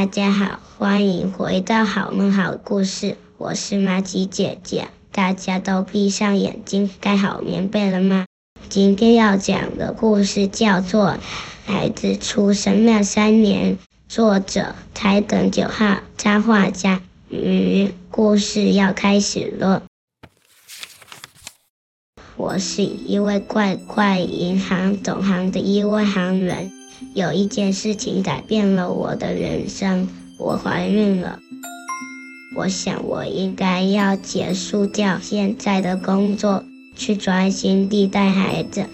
大家好，歡迎回到《好夢好故事》，我是麻吉姐姐。大家都閉上眼睛，蓋好棉被了嗎？今天要講的故事叫做《孩子出生那三年》，作者台梗玖號，插畫家魚。嗯，故事要開始了。我是一位怪怪銀行總行的一位行員。有一件事情改變了我的人生，我懷孕了。我想我應該要結束掉現在的工作，去專心地帶孩子。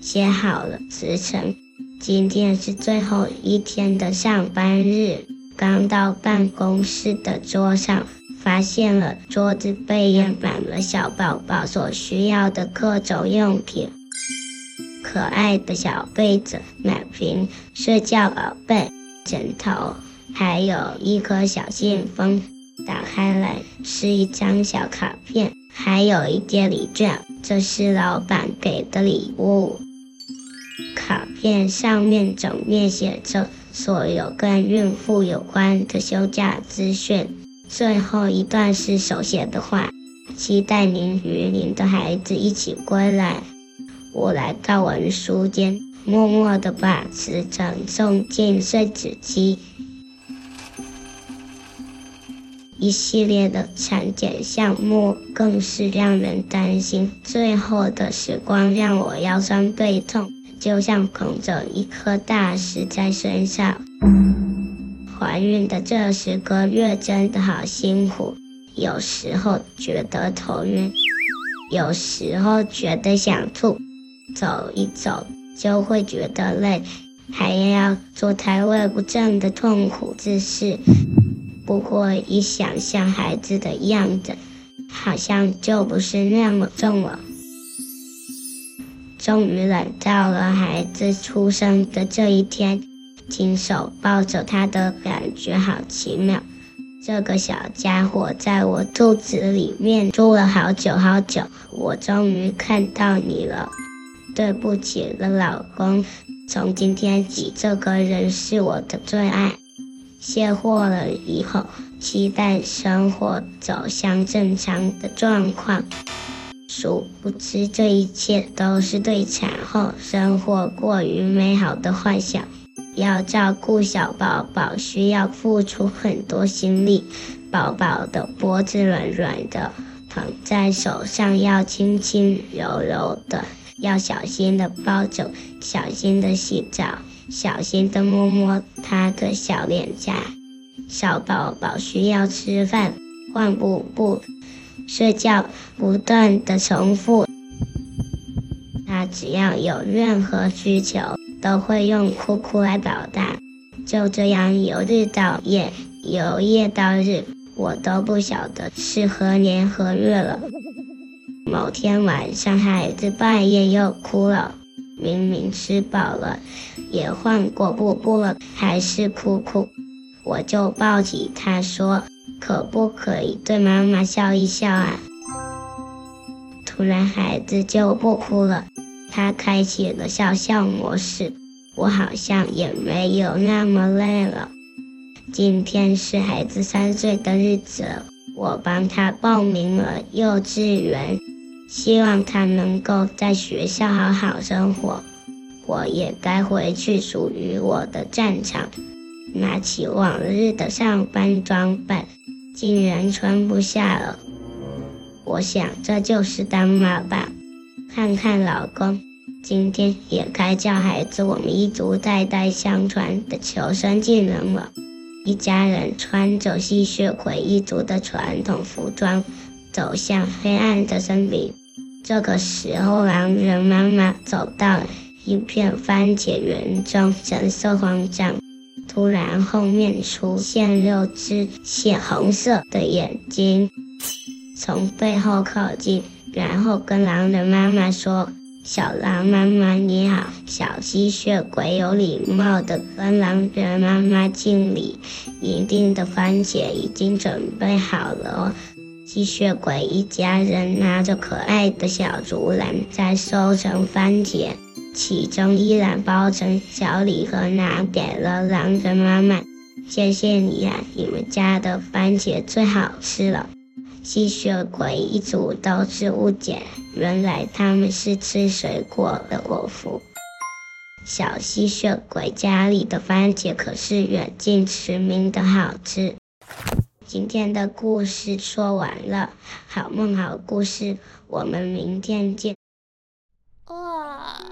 寫好了辭呈，今天是最後一天的上班日。剛到辦公室的桌上，發現了桌子被掩滿了小寶寶所需要的各種用品。可愛的小被子、奶瓶、睡覺寶貝、枕頭，還有一顆小信封。打開來是一張小卡片，還有一疊禮券。這是老闆給的禮物。卡片上面整面寫着所有跟孕婦有關的休假資訊。最後一段是手寫的話：期待您與您的孩子一起歸來。我來到文書間，默默地把辭呈送進碎紙機。一系列的產檢項目更是讓人擔心。最後的時光讓我腰酸背痛，就像捧着一顆大石在身上。懷孕的這十個月真的好辛苦，有時候覺得頭暈，有時候覺得想吐。走一走就會覺得累，還要做胎位不正的痛苦姿勢。不過一想象孩子的樣子，好像就不是那麼重了。終於等到了孩子出生的這一天，親手抱走他的感覺好奇妙。這個小家伙在我肚子裡面住了好久好久，我終於看到你了。對不起了，老公。從今天起，這個人是我的最愛。卸貨了以後，期待生活走向正常的狀況。殊不知，這一切都是對產後生活過於美好的幻想。要照顧小寶寶，需要付出很多心力。寶寶的脖子軟軟的，躺在手上要輕輕柔柔的。要小心的抱走，小心的洗澡，小心的摸摸他的小臉頰。小寶寶需要吃飯、換布布、睡覺，不斷的重複。他只要有任何需求，都會用哭哭來搗蛋。就這樣由日到夜，由夜到日，我都不曉得是何年何月了。某天晚上，孩子半夜又哭了。明明吃飽了，也換過布布了，還是哭哭。我就抱起他，說：“可不可以對媽媽笑一笑啊？”突然，孩子就不哭了。他開啟了笑笑模式。我好像也沒有那麼累了。今天是孩子三歲的日子，我幫他報名了幼稚園。希望他能夠在學校好好生活，我也該回去屬於我的戰場。拿起往日的上班裝扮，竟然穿不下了。我想這就是當媽吧，看看老公，今天也該教孩子我們一族代代相傳的求生技能了。一家人穿着吸血鬼一族的傳統服裝。走向黑暗的森林。這個時候，狼人媽媽走到一片番茄園中，神色慌張。突然後面出現六隻血紅色的眼睛，從背後靠近，然後跟狼人媽媽說：“小狼媽媽你好。”小吸血鬼有禮貌的跟狼人媽媽敬禮。一定的番茄已經準備好了哦。吸血鬼一家人拿着可愛的小竹籃在收成番茄，其中一籃包成小禮盒拿給了狼人媽媽。謝謝你呀、啊，你們家的番茄最好吃了。吸血鬼一族都是誤解，原來他們是吃水果的果蝠。小吸血鬼家裡的番茄可是遠近馳名的好吃。今天的故事說完了，好夢好故事，我們明天見。啊。